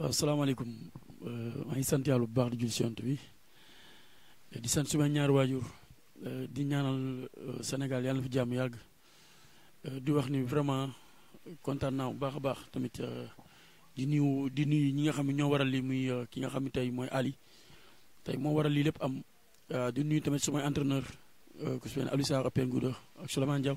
waaw salaamaaleykum euh, maa ngi sant yàlla bu baax di jul si yonent bi di sant suma ñaar waajur euh, di ñaanal euh, Sénégal yàlla na fi jàmm yàgg di wax ni vraiment kontaan naa bu baax a baax tamit di nuyu di nuyu ñi nga xam ne ñoo waral lii muy ki nga xam ne tey mooy Ali tey moo waral lii lépp am di nuyu tamit sumay entraîneur ku si mel ne Alioune Sarr ak ak Souleymane Diaw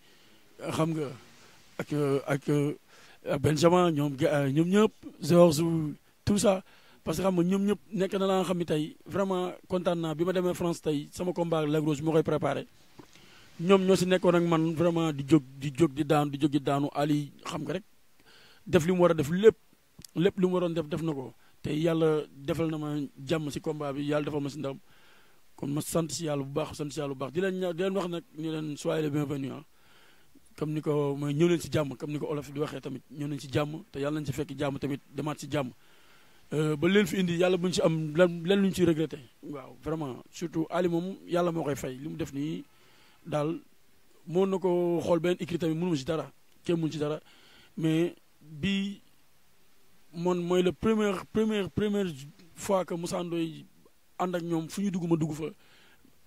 xam nga ak ak Benjamin ñoom ñoom ñëpp George tout ça parce que xam nga ñoom ñëpp nekk na la xam ni tey vraiment kontaan naa bi ma demee France tey sama combat Lac Rose moo koy préparé ñoom ñoo si nekkoon ak man vraiment di jóg di jóg di daanu di jóg di daanu Ali xam nga rek def li mu war a def lépp lépp li mu waroon def def na ko te yàlla defal na ma jàmm si combat bi yàlla defal ma si ndam kon ma sant si yàlla bu baax sant si yàlla bu baax di leen wax nag ñu leen soyez les comme ni ko mooy ñëw leen si jàmm comme ni ko olof di waxee tamit ñëw nañ si jàmm te yàlla nañ si fekk jàmm tamit demaat si jàmm euh, ba leen fi indi yàlla bu buñ si am lan lan luñ si regretté waaw vraiment surtout Ali moom yàlla moo koy fay li mu def nii daal moo na ko xool benn écrit tamit mënu ma si dara kenn mënu si dara mais bi moon mooy la première première première fois que Moussa Ndoye ànd ak ñoom fu ñu dugg ma dugg fa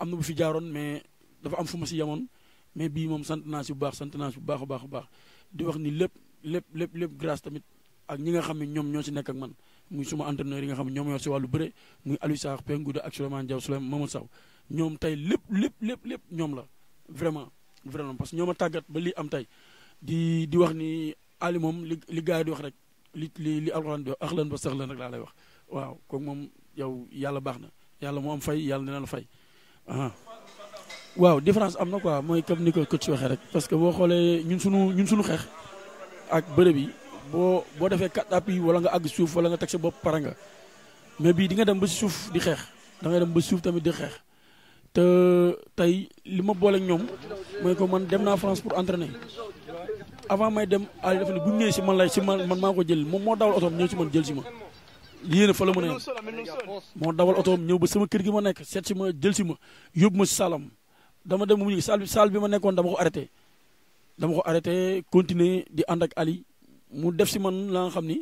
am na bu fi jaaroon mais dafa am fu ma si yemoon mais bii moom sant naa si bu baax sant naa si bu baax a baax a baax di wax ni lépp lépp lépp lépp grâce tamit ak ñi nga xam ne ñoom ñoo si nekk ak man muy suma entraîneur yi nga xam ne ñoom ñoo si wàllu bëre muy Aliou Sarr Pengouda ak Souleymane Diaw Souleymane Mamadou Sow ñoom tey lépp lépp lépp lépp ñoom la vraiment vraiment parce que ñoom a tàggat ba lii am tey di di wax ni Ali moom li li gars yi di wax rek li li li alxuraan di wax axlan ba saxlan rek laa lay wax waaw kooku moom yow yàlla baax na yàlla moo am fay yàlla dina la fay waaw différence am na ko mooy comme ni ko coach waxee rek parce que boo xoolee ñun suñu ñun suñu xeex ak bërëb yi boo boo defee quatre appuis wala nga àgg suuf wala nga teg si bopp pare nga mais bii di nga dem ba si suuf di xeex da ngay dem ba suuf tamit di xeex te tey li ma boole ñoom mooy ko man dem naa France pour entraîner avant may dem Aliou dafa ne bu ñëwee si man lay si man man maa ko jël moom moo dawal otoom ñëw si man jël si ma yéen a fa la ñëw ba sama kër gi ma nekk seet si ma jël si ma yóbbu ma si salam dama dem mu mujj sal bima salle dama ko arrêté dama ko arrêté continuer di ànd ak Ali mu def si man la xamni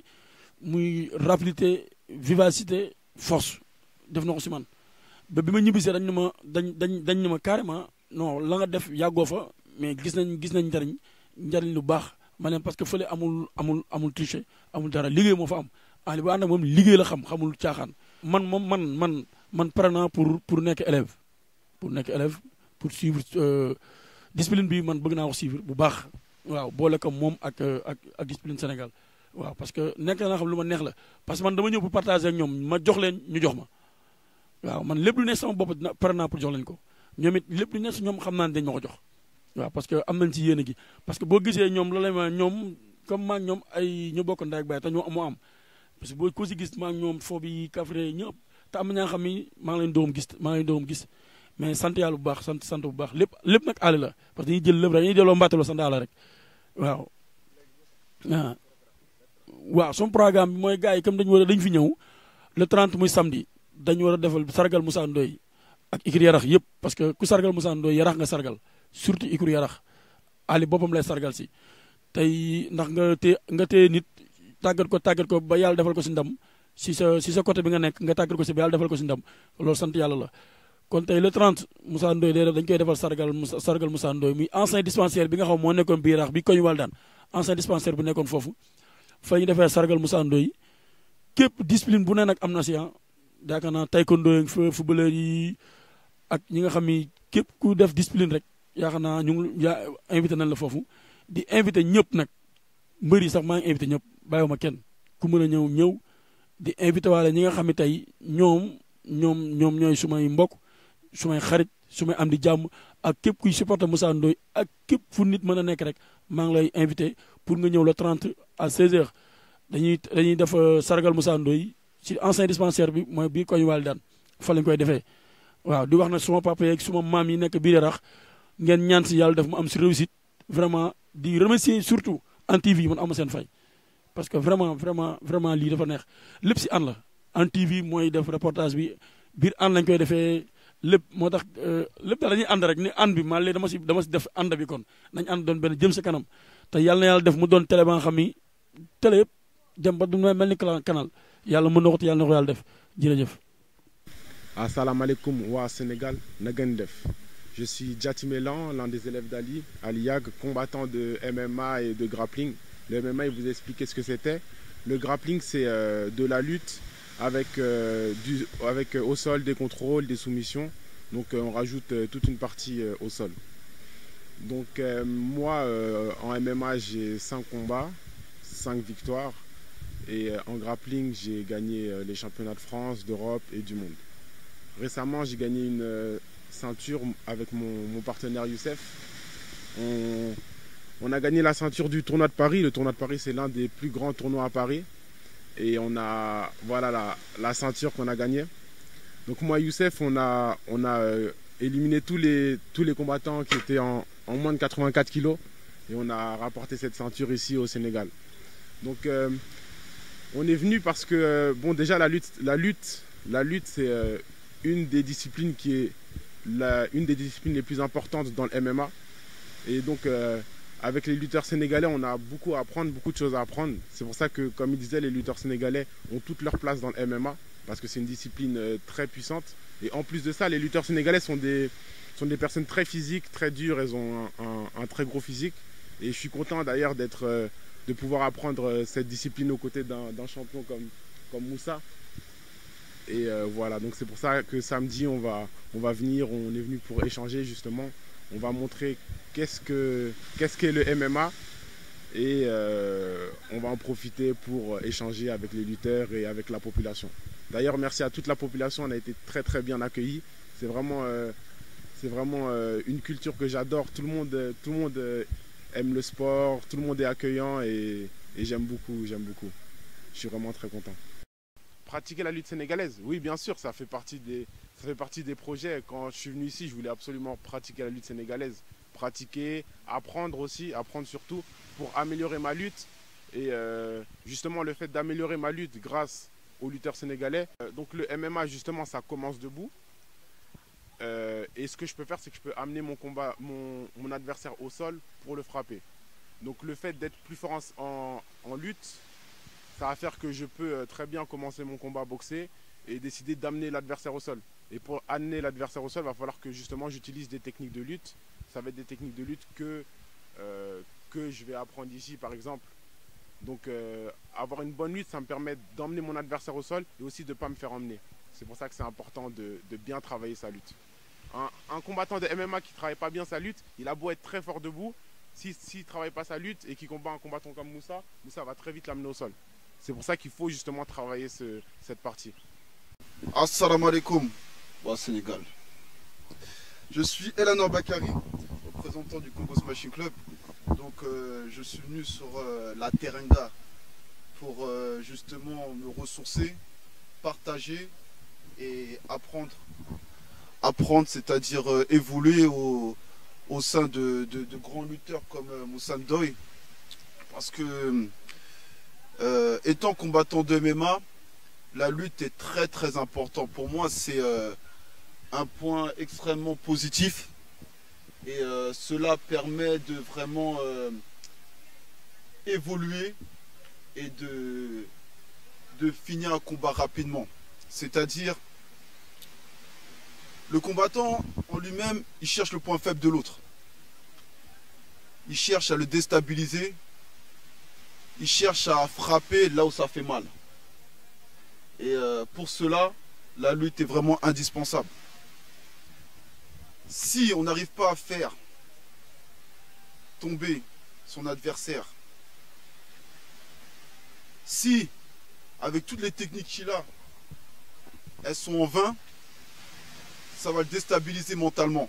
ni muy rapidité vivacité force def nako ko si man ba bima ma ñibbisee dañ ma dañ dañ carrément non la nga def yago fa mais gis nañ gis nañ dañ njariñ lu bax mané parce que feulé amul amul amul tricher amul dara liggéey mo fa am Ali ba ànd ak moom liggéey la xam xamul caaxaan man mom man man man pare pour pour nekk élève pour nekk élève pour suivre euh, discipline bi man bëgg naa wax suivre bu baax waaw boole ko moom ak euh, ak ak discipline Sénégal waaw parce que nekk naa xam lu ma neex la parce que man dama ñëw pour partager ak ñoom ma jox leen ñu jox ma waaw man lépp lu ne sama bopp pare naa pour jox leen ko ñoom it lépp lu ne si ñoom xam naa ne dañ ma ko jox waaw parce que am nañ ci yéene gi parce que boo gisee ñoom loolay ma ñoom comme maa ñoom ay ñu bokk ndaay ak baay te ñoo moo am parce que boo ko si gis maa ñoom foo bi kafre ñëpp te xam maa ngi leen doom gis maa ngi leen doom mais sant yalla bu baax sant sant bu baax lepp lepp nak ala la parce que ñi jël lepp rek dañuy delloo mbàttaloo sant ala rek waaw ah. waaw son programme moy gaay gars yi comme dañ war a fi ñew le 30 muy samedi dañ wara defal sargal Moussa Ndoy ak ikri yarax yëpp parce que ku sargal Moussa Ndoy yarax nga sargal surtout ikri yarax Ali bopam lay sargal si tay ndax nga té nga té nit tagal ko tagal ko ba yalla defal ko ci ndam si sa si sa côté bi nga nek nga tagal ko ci ba yalla defal ko ci ndam lolou sant yalla la kon tey le 30 Moussa Ndoye léeg dañ koy defal sargal Moussa sargal Moussa Ndoye muy ancien dispensaire bi nga xam moo nekkoon biiraax bi koñ wal daan ancien dispensaire bu nekkoon foofu fa ñu defee sargal Moussa Ndoye képp discipline bu ne nag am na si ah yaakaar naa taekwondo yi footballeur yi ak ñi nga xam ni képp ku def discipline rek yaakaar naa ñu ngi yaa invité nañ la foofu di invité ñëpp nag mbër sax maa ngi invité ñëpp bàyyiwuma kenn ku mën a ñëw ñëw di invité waale ñi nga xam ne tey ñoom ñoom ñoom ñooy sumay mbokk su xarit su am di jàmm ak képp kuy supporter Moussa Ndoye ak képp fu nit mën a nekk rek maa ngi lay invité pour nga ñëw le 30 à 16h dañuy dañuy def euh, sargal Moussa Ndoye ci ancien dispensaire bi mooy bii koñ Walidane fa lañ koy defee waaw di wax na suma papa yeeg suma maam yi nekk biir rax ngeen ñaan si yàlla def mu am si réussite vraiment di remercier surtout Hann TV man am seen fay parce que vraiment vraiment vraiment lii dafa neex lépp si Hann la Hann TV mooy def reportage bi biir an lañ koy defee lépp moo tax euh, lépp daal dañuy ànd rek ni ànd bi maa léegi dama si dama si def ànd bi kon nañ ànd doon benn jëm sa kanam te yàlla na yàlla def mu doon télé ba nga xam ni télé yëpp dem ba du mel ni canal yàlla mën na ko te yàlla na ko yàlla def jërëjëf. asalaamaaleykum waa Sénégal na gën def je suis Diatimélan l'un des élèves d'Ali Ali Yag combattant de MMA et de grappling le MMA il vous expliquer ce que c'était le grappling c'est euh, de la lutte avec, euh, euh, au sol des contrôles, des soumissions. Donc euh, on rajoute toute une partie au sol. Donc moi, en MMA, j'ai 5 combats, 5 victoires. Et en grappling, j'ai gagné les championnats de France, d'Europe et du monde. Récemment, j'ai gagné une ceinture avec mon, partenaire Youssef. On, on, a gagné la ceinture du tournoi de Paris. Le tournoi de Paris, c'est l'un des plus grands tournois à Paris. Et on a voilà la, la ceinture qu'on a gagnée. Donc moi, Youssef, on a, on a euh, éliminé tous les, tous les combattants qui étaient en, en, moins de 84 kilos. Et on a rapporté cette ceinture ici au Sénégal. Donc euh, on est venu parce que, euh, bon, déjà la lutte, la lutte, la lutte c'est une des disciplines qui est la, une des disciplines les plus importantes dans le MMA. Et donc avec les lutteurs sénégalais, on a beaucoup à apprendre, beaucoup de choses à apprendre. C'est pour ça que, comme il disait, les lutteurs sénégalais ont toute leur place dans le MMA, parce que c'est une discipline euh, très puissante. Et en plus de ça, les lutteurs sénégalais sont des, sont des personnes très physiques, très dures, elles ont un, très gros physique. Et je suis content d'ailleurs d'être, euh, de pouvoir apprendre euh, cette discipline aux côtés d'un champion comme, comme Moussa. Et voilà, donc c'est pour ça que samedi, on va, on va venir, on est venu pour échanger justement. On va montrer qu'est-ce que qu'est-ce le MMA et euh, on va en profiter pour euh, échanger avec les lutteurs et avec la population. D'ailleurs, merci à toute la population, on a été très très bien accueillis. C'est vraiment, euh, vraiment une culture que j'adore. Tout le monde, tout le monde aime le sport, tout le monde est accueillant et, j'aime beaucoup, j'aime beaucoup. Je suis vraiment très content. Pratiquer la lutte sénégalaise, oui bien sûr, ça fait partie des, ça fait partie des projets. Quand je suis venu ici, je voulais absolument pratiquer la lutte sénégalaise pratiquer, apprendre aussi, apprendre surtout pour améliorer ma lutte. Et euh, justement, le fait d'améliorer ma lutte grâce aux lutteurs sénégalais. Euh, donc le MMA, justement, ça commence debout. Euh, et ce que je peux faire, c'est que je peux amener mon, combat, mon, adversaire au sol pour le frapper. Donc le fait d'être plus fort en, lutte, ça va faire que je peux très bien commencer mon combat boxé boxer et décider d'amener l'adversaire au sol. Et pour amener l'adversaire au sol, il va falloir que justement j'utilise des techniques de lutte. Ça va être des techniques de lutte que, euh, que je vais apprendre ici, par exemple. Donc euh, avoir une bonne lutte, ça me permet d'emmener mon adversaire au sol et aussi de ne pas me faire emmener. C'est pour ça que c'est important de, bien travailler sa lutte. Un, combattant de MMA qui ne travaille pas bien sa lutte, il a beau être très fort debout, s'il ne travaille pas sa lutte et qu'il combat un combattant comme Moussa, Moussa va très vite l'amener au sol. C'est pour ça qu'il faut justement travailler cette partie. Assalamu alaikum au Sénégal. Je suis Elanor Bakari, représentant du Congo Machine Club. Donc euh, je suis venu sur euh, la Terenga pour euh, justement me ressourcer, partager et apprendre. Apprendre, c'est-à-dire évoluer au, sein de, grands lutteurs comme Moussa Doy. Parce que étant combattant de MMA, la lutte est très très importante pour moi. C'est un point extrêmement positif et euh, cela permet de vraiment euh, évoluer et de, finir un combat rapidement. C'est-à-dire, le combattant en lui-même, il cherche le point faible de l'autre. Il cherche à le déstabiliser. Il cherche à frapper là où ça fait mal. Et euh, pour cela, la lutte est vraiment indispensable si on n'arrive pas à faire tomber son adversaire, si avec toutes les techniques qu'il a, elles sont en vain, ça va le déstabiliser mentalement.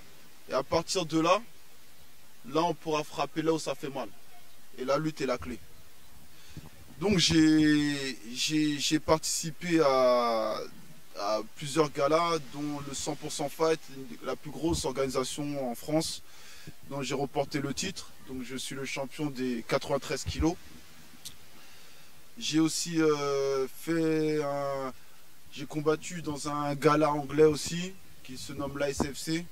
Et à partir de là, là on pourra frapper là où ça fait mal. Et la lutte est la clé. Donc j'ai participé à à plusieurs galas, dont le 100% Fight, la plus grosse organisation en France, dont j'ai reporté le titre. Donc je suis le champion des 93 kilos. J'ai aussi euh, fait un... J'ai combattu dans un gala anglais aussi, qui se nomme l'ASFC,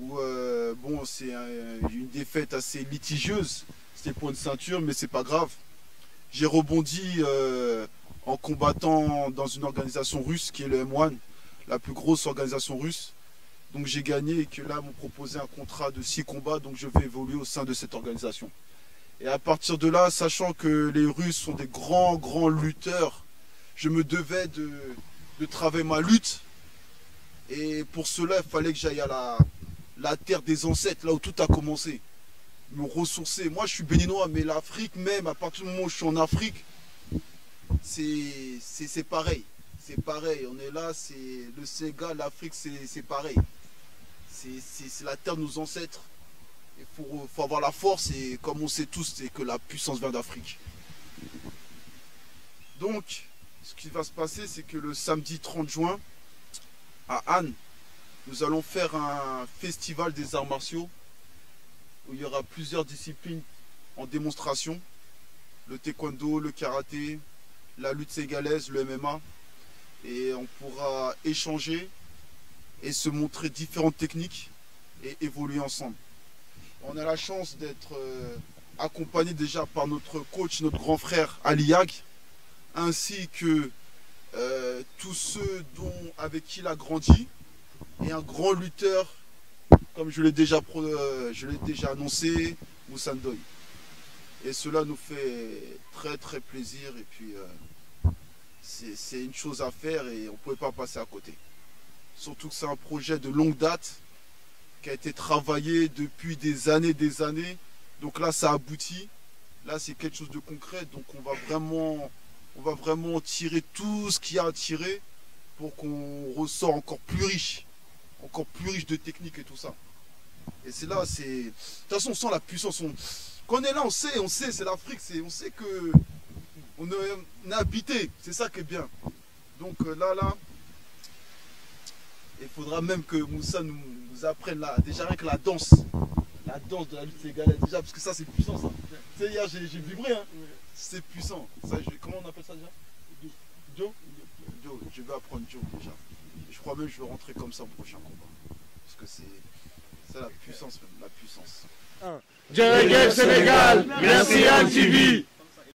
où euh, bon, c'est une défaite assez litigieuse. C'était pour une ceinture, mais c'est pas grave. J'ai rebondi euh, en combattant dans une organisation russe qui est le M1, la plus grosse organisation russe. Donc j'ai gagné et que là, m'ont proposé un contrat de six combats, donc je vais évoluer au sein de cette organisation. Et à partir de là, sachant que les Russes sont des grands, grands lutteurs, je me devais de, de travailler ma lutte. Et pour cela, il fallait que j'aille à la, la terre des ancêtres, là où tout a commencé. Me ressourcer. Moi, je suis béninois, mais l'Afrique même, à partir du moment où je suis en Afrique, c'est pareil. C'est pareil. On est là, c'est le Sénégal, l'Afrique, c'est pareil. C'est la terre de nos ancêtres. Il faut, faut, avoir la force et comme on sait tous, c'est que la puissance vient d'Afrique. Donc, ce qui va se passer, c'est que le samedi 30 juin, à Anne, nous allons faire un festival des arts martiaux où il y aura plusieurs disciplines en démonstration. Le taekwondo, le karaté, la lutte ségalaise, le MMA. Et on pourra échanger et se montrer différentes techniques et évoluer ensemble. On a la chance d'être euh, accompagné déjà par notre coach, notre grand frère Aliag, ainsi que euh, tous ceux dont, avec qui il a grandi, et un grand lutteur, comme je l'ai déjà, euh, déjà, annoncé, Moussandoy. Et cela nous fait très très plaisir et puis euh, c'est une chose à faire et on ne pouvait pas passer à côté. Surtout que c'est un projet de longue date qui a été travaillé depuis des années, des années. Donc là, ça aboutit. Là, c'est quelque chose de concret. Donc on va vraiment, on va vraiment tirer tout ce qu'il y a à tirer pour qu'on ressort encore plus riche, encore plus riche de techniques et tout ça. Et c'est là, c'est. De toute façon, on sent la puissance. On on est là, on sait, on sait, c'est l'Afrique, on sait que on est, habité, c'est ça qui est bien. Donc euh, là, là, il faudra même que Moussa nous, apprenne là, déjà rien que la danse, la danse de la lutte sénégalaise, déjà, parce que ça c'est puissant ça. Tu sais, hier j'ai vibré, hein. c'est puissant. Ça, comment on appelle ça déjà Joe Joe, je vais apprendre Joe déjà. Je crois même que je vais rentrer comme ça au prochain combat. Parce que c'est c'est la puissance, la puissance. Game Sénégal, merci à TV.